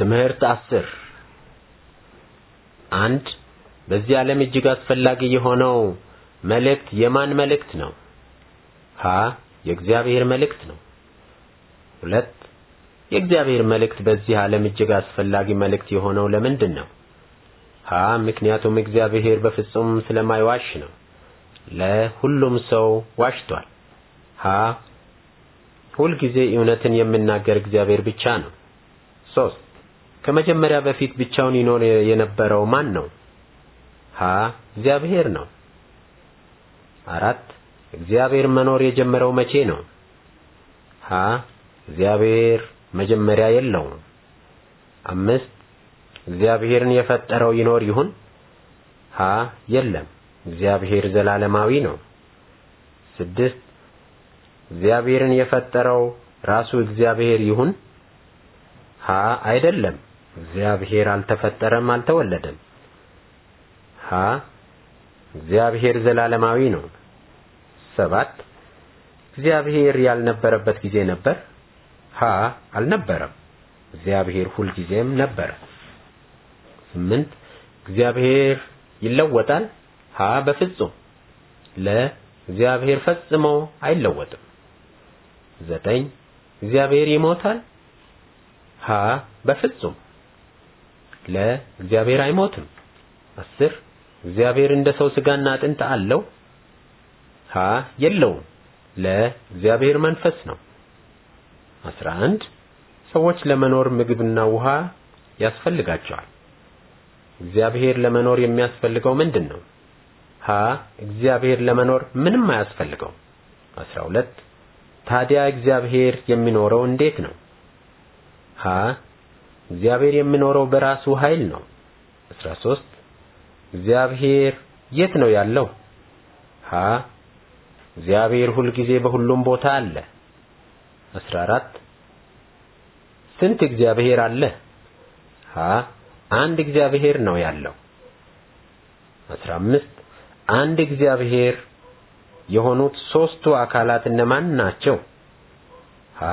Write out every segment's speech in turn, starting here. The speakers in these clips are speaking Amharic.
ትምህርት አስር አንድ በዚህ ዓለም እጅግ አስፈላጊ የሆነው መልእክት የማን መልእክት ነው? ሀ የእግዚአብሔር መልእክት ነው። ሁለት የእግዚአብሔር መልእክት በዚህ ዓለም እጅግ አስፈላጊ መልእክት የሆነው ለምንድን ነው? ሀ ምክንያቱም እግዚአብሔር በፍጹም ስለማይዋሽ ነው። ለሁሉም ሰው ዋሽቷል። ሀ ሁልጊዜ እውነትን የምናገር እግዚአብሔር ብቻ ነው። ሶስት ከመጀመሪያ በፊት ብቻውን ይኖር የነበረው ማን ነው? ሀ እግዚአብሔር ነው። አራት እግዚአብሔር መኖር የጀመረው መቼ ነው? ሀ እግዚአብሔር መጀመሪያ የለውም። አምስት እግዚአብሔርን የፈጠረው ይኖር ይሁን? ሀ የለም፣ እግዚአብሔር ዘላለማዊ ነው። ስድስት እግዚአብሔርን የፈጠረው ራሱ እግዚአብሔር ይሁን? ሀ አይደለም እግዚአብሔር አልተፈጠረም አልተወለደም። ሀ እግዚአብሔር ዘላለማዊ ነው። ሰባት እግዚአብሔር ያልነበረበት ጊዜ ነበር። ሀ አልነበረም። እግዚአብሔር ሁልጊዜም ነበረ። ስምንት እግዚአብሔር ይለወጣል። ሀ በፍጹም ለ እግዚአብሔር ፈጽሞ አይለወጥም። ዘጠኝ እግዚአብሔር ይሞታል። ሀ በፍጹም ለ እግዚአብሔር አይሞትም። አስር እግዚአብሔር እንደ ሰው ስጋና አጥንት አለው? ሀ የለውም። ለ እግዚአብሔር መንፈስ ነው። አስራ አንድ ሰዎች ለመኖር ምግብና ውሃ ያስፈልጋቸዋል። እግዚአብሔር ለመኖር የሚያስፈልገው ምንድን ነው? ሀ እግዚአብሔር ለመኖር ምንም አያስፈልገው። አስራ ሁለት ታዲያ እግዚአብሔር የሚኖረው እንዴት ነው? ሀ እግዚአብሔር የሚኖረው በራሱ ኃይል ነው። 13 እግዚአብሔር የት ነው ያለው? ሀ እግዚአብሔር ሁልጊዜ በሁሉም ቦታ አለ። 14 ስንት እግዚአብሔር አለ? ሀ አንድ እግዚአብሔር ነው ያለው። 15 አንድ እግዚአብሔር የሆኑት ሦስቱ አካላት እነማን ናቸው? ሀ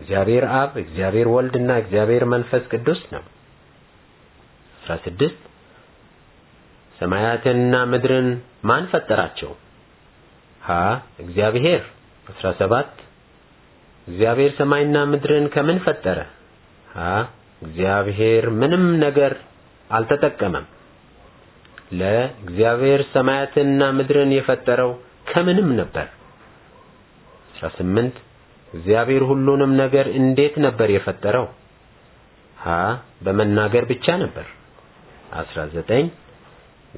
እግዚአብሔር አብ፣ እግዚአብሔር ወልድ እና እግዚአብሔር መንፈስ ቅዱስ ነው። 16 ሰማያትንና ምድርን ማን ፈጠራቸው? ሀ እግዚአብሔር። 17 እግዚአብሔር ሰማይና ምድርን ከምን ፈጠረ? ሀ እግዚአብሔር ምንም ነገር አልተጠቀመም። ለ እግዚአብሔር ሰማያትንና ምድርን የፈጠረው ከምንም ነበር። 18 እግዚአብሔር ሁሉንም ነገር እንዴት ነበር የፈጠረው? ሀ በመናገር ብቻ ነበር። 19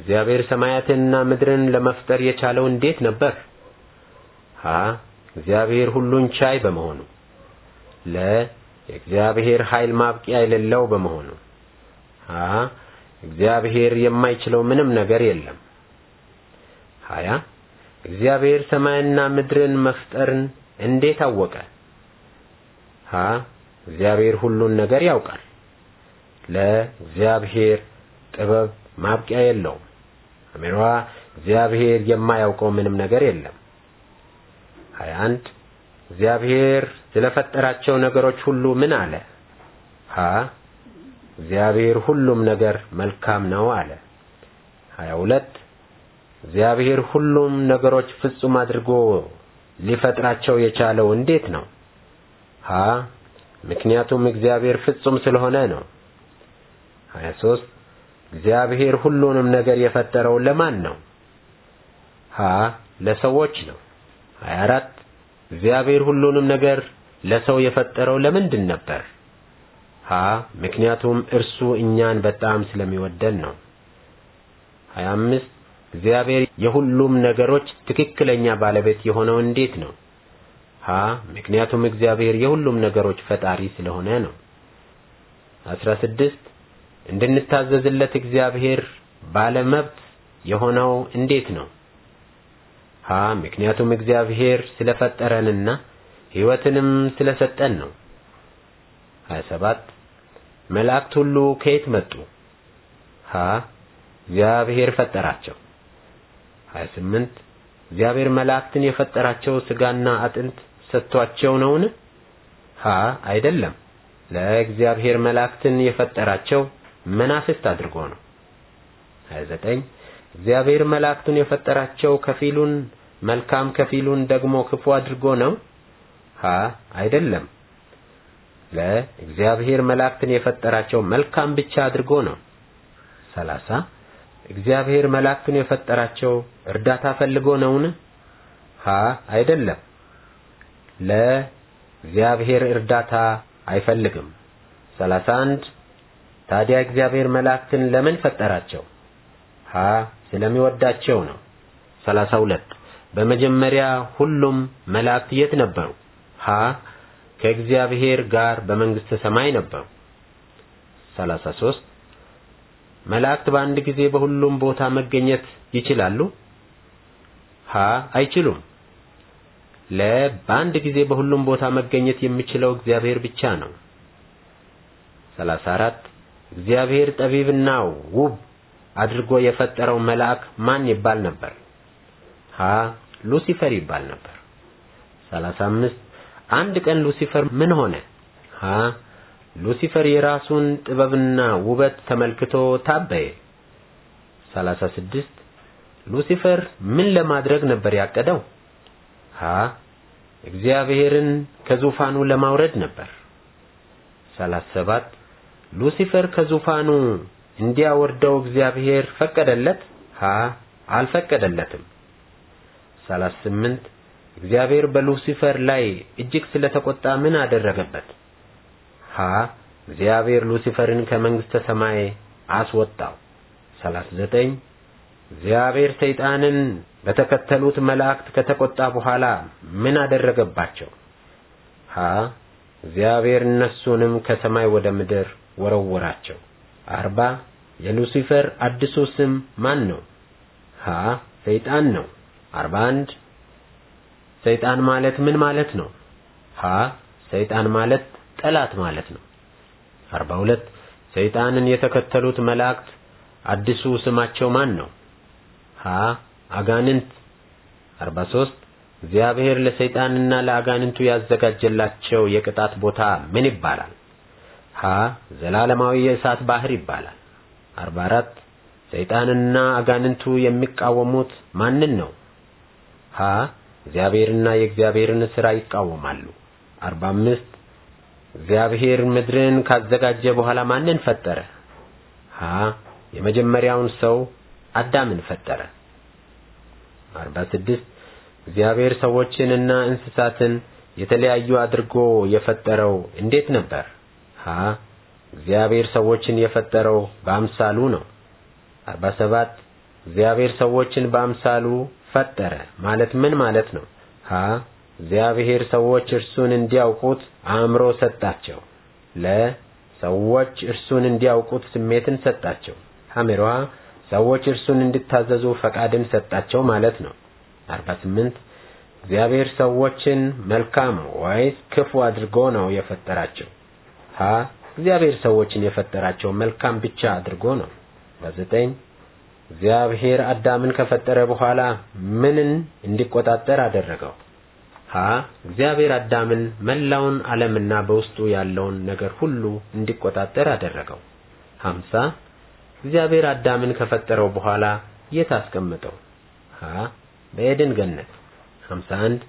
እግዚአብሔር ሰማያትንና ምድርን ለመፍጠር የቻለው እንዴት ነበር? ሀ እግዚአብሔር ሁሉን ቻይ በመሆኑ። ለ የእግዚአብሔር ኃይል ማብቂያ የሌለው በመሆኑ። ሀ እግዚአብሔር የማይችለው ምንም ነገር የለም። ሀያ እግዚአብሔር ሰማይና ምድርን መፍጠርን እንዴት አወቀ? ሀ እግዚአብሔር ሁሉን ነገር ያውቃል። ለእግዚአብሔር ጥበብ ማብቂያ የለውም። አሜኗ እግዚአብሔር የማያውቀው ምንም ነገር የለም። 21 እግዚአብሔር ስለፈጠራቸው ነገሮች ሁሉ ምን አለ? ሀ እግዚአብሔር ሁሉም ነገር መልካም ነው አለ። 22 እግዚአብሔር ሁሉም ነገሮች ፍጹም አድርጎ ሊፈጥራቸው የቻለው እንዴት ነው? ሀ ምክንያቱም እግዚአብሔር ፍጹም ስለሆነ ነው። 23 እግዚአብሔር ሁሉንም ነገር የፈጠረው ለማን ነው? ሀ ለሰዎች ነው። 24 እግዚአብሔር ሁሉንም ነገር ለሰው የፈጠረው ለምንድን ነበር? ሀ ምክንያቱም እርሱ እኛን በጣም ስለሚወደን ነው። 25 እግዚአብሔር የሁሉም ነገሮች ትክክለኛ ባለቤት የሆነው እንዴት ነው? ሀ ምክንያቱም እግዚአብሔር የሁሉም ነገሮች ፈጣሪ ስለሆነ ነው። 16 እንድንታዘዝለት እግዚአብሔር ባለመብት የሆነው እንዴት ነው? ሀ ምክንያቱም እግዚአብሔር ስለፈጠረንና ሕይወትንም ስለሰጠን ነው። 27 መላእክት ሁሉ ከየት መጡ? ሀ እግዚአብሔር ፈጠራቸው። 28 እግዚአብሔር መላእክትን የፈጠራቸው ስጋና አጥንት ሰጥቷቸው ነውን? ሀ አይደለም። ለእግዚአብሔር መላእክትን የፈጠራቸው መናፍስት አድርጎ ነው። 29 እግዚአብሔር መላእክቱን የፈጠራቸው ከፊሉን መልካም ከፊሉን ደግሞ ክፉ አድርጎ ነው? ሀ አይደለም። ለእግዚአብሔር መላእክትን የፈጠራቸው መልካም ብቻ አድርጎ ነው። 30 እግዚአብሔር መላእክትን የፈጠራቸው እርዳታ ፈልጎ ነውን? ሀ አይደለም። ለ እግዚአብሔር እርዳታ አይፈልግም። 31 ታዲያ እግዚአብሔር መላእክትን ለምን ፈጠራቸው? ሀ ስለሚወዳቸው ነው። 32 በመጀመሪያ ሁሉም መላእክት የት ነበሩ? ሀ ከእግዚአብሔር ጋር በመንግስተ ሰማይ ነበሩ። 33 መላእክት በአንድ ጊዜ በሁሉም ቦታ መገኘት ይችላሉ? ሀ አይችሉም። ለ በአንድ ጊዜ በሁሉም ቦታ መገኘት የሚችለው እግዚአብሔር ብቻ ነው። 34 እግዚአብሔር ጠቢብና ውብ አድርጎ የፈጠረው መልአክ ማን ይባል ነበር? ሀ ሉሲፈር ይባል ነበር። 35 አንድ ቀን ሉሲፈር ምን ሆነ? ሀ ሉሲፈር የራሱን ጥበብና ውበት ተመልክቶ ታበየ። 36 ሉሲፈር ምን ለማድረግ ነበር ያቀደው? ሀ እግዚአብሔርን ከዙፋኑ ለማውረድ ነበር። 37 ሉሲፈር ከዙፋኑ እንዲያወርደው እግዚአብሔር ፈቀደለት? ሀ አልፈቀደለትም። 38 እግዚአብሔር በሉሲፈር ላይ እጅግ ስለተቆጣ ምን አደረገበት? ሀ እግዚአብሔር ሉሲፈርን ከመንግሥተ ሰማይ አስወጣው። 39 እግዚአብሔር ሰይጣንን በተከተሉት መላእክት ከተቆጣ በኋላ ምን አደረገባቸው? ሀ እግዚአብሔር እነሱንም ከሰማይ ወደ ምድር ወረወራቸው። አርባ የሉሲፈር አዲሱ ስም ማን ነው? ሀ ሰይጣን ነው። 41 ሰይጣን ማለት ምን ማለት ነው? ሀ ሰይጣን ማለት ጠላት ማለት ነው። 42 ሰይጣንን የተከተሉት መላእክት አዲሱ ስማቸው ማን ነው? ሀ አጋንንት 43 እግዚአብሔር ለሰይጣንና ለአጋንንቱ ያዘጋጀላቸው የቅጣት ቦታ ምን ይባላል? ሀ ዘላለማዊ የእሳት ባህር ይባላል። 44 ሰይጣንና አጋንንቱ የሚቃወሙት ማንን ነው? ሀ እግዚአብሔርና የእግዚአብሔርን ሥራ ይቃወማሉ። 45 እግዚአብሔር ምድርን ካዘጋጀ በኋላ ማንን ፈጠረ? ሀ የመጀመሪያውን ሰው አዳምን ፈጠረ። 46 እግዚአብሔር ሰዎችንና እንስሳትን የተለያዩ አድርጎ የፈጠረው እንዴት ነበር? ሀ እግዚአብሔር ሰዎችን የፈጠረው በአምሳሉ ነው። 47 እግዚአብሔር ሰዎችን በአምሳሉ ፈጠረ ማለት ምን ማለት ነው? ሀ እግዚአብሔር ሰዎች እርሱን እንዲያውቁት አእምሮ ሰጣቸው። ለሰዎች እርሱን እንዲያውቁት ስሜትን ሰጣቸው። ሐሜሮሃ ሰዎች እርሱን እንዲታዘዙ ፈቃድን ሰጣቸው ማለት ነው። 48 እግዚአብሔር ሰዎችን መልካም ወይስ ክፉ አድርጎ ነው የፈጠራቸው? ሀ እግዚአብሔር ሰዎችን የፈጠራቸው መልካም ብቻ አድርጎ ነው። በዘጠኝ እግዚአብሔር አዳምን ከፈጠረ በኋላ ምንን እንዲቆጣጠር አደረገው? ሀ እግዚአብሔር አዳምን መላውን ዓለምና በውስጡ ያለውን ነገር ሁሉ እንዲቆጣጠር አደረገው። ሀምሳ እግዚአብሔር አዳምን ከፈጠረው በኋላ የት አስቀመጠው? ሀ በኤድን ገነት። ሀምሳ አንድ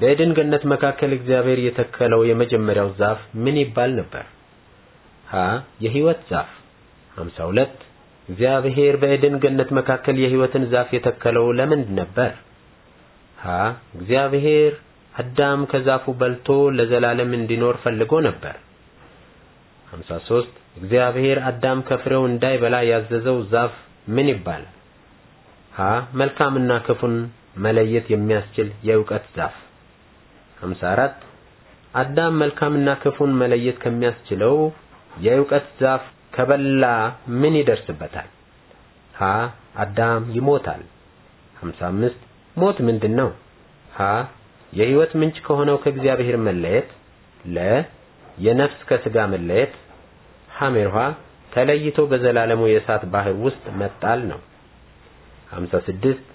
በኤድን ገነት መካከል እግዚአብሔር የተከለው የመጀመሪያው ዛፍ ምን ይባል ነበር? ሀ የሕይወት ዛፍ። ሀምሳ ሁለት እግዚአብሔር በኤድን ገነት መካከል የሕይወትን ዛፍ የተከለው ለምንድን ነበር? ሀ እግዚአብሔር አዳም ከዛፉ በልቶ ለዘላለም እንዲኖር ፈልጎ ነበር። 53 እግዚአብሔር አዳም ከፍሬው እንዳይበላ ያዘዘው ዛፍ ምን ይባላል? ሀ መልካምና ክፉን መለየት የሚያስችል የእውቀት ዛፍ። 54 አዳም መልካምና ክፉን መለየት ከሚያስችለው የእውቀት ዛፍ ከበላ ምን ይደርስበታል? ሀ አዳም ይሞታል። 55 ሞት ምንድን ነው? ሀ የህይወት ምንጭ ከሆነው ከእግዚአብሔር መለየት ለ የነፍስ ከስጋ መለየት ሐሜርሃ ተለይቶ በዘላለሙ የእሳት ባህር ውስጥ መጣል ነው 56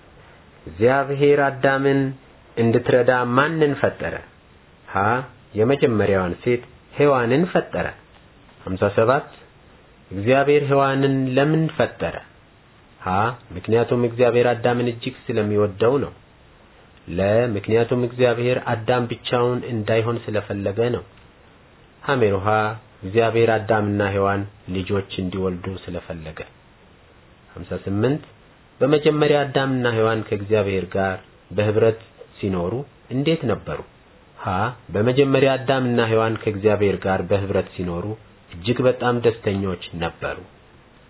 እግዚአብሔር አዳምን እንድትረዳ ማንን ፈጠረ ሀ የመጀመሪያዋን ሴት ሔዋንን ፈጠረ 57 እግዚአብሔር ሔዋንን ለምን ፈጠረ ሀ ምክንያቱም እግዚአብሔር አዳምን እጅግ ስለሚወደው ነው ለምክንያቱም እግዚአብሔር አዳም ብቻውን እንዳይሆን ስለፈለገ ነው። ሐሜሩሃ እግዚአብሔር አዳምና ሔዋን ልጆች እንዲወልዱ ስለፈለገ። 58 በመጀመሪያ አዳምና ሔዋን ከእግዚአብሔር ጋር በህብረት ሲኖሩ እንዴት ነበሩ? ሀ በመጀመሪያ አዳምና ሔዋን ከእግዚአብሔር ጋር በህብረት ሲኖሩ እጅግ በጣም ደስተኞች ነበሩ።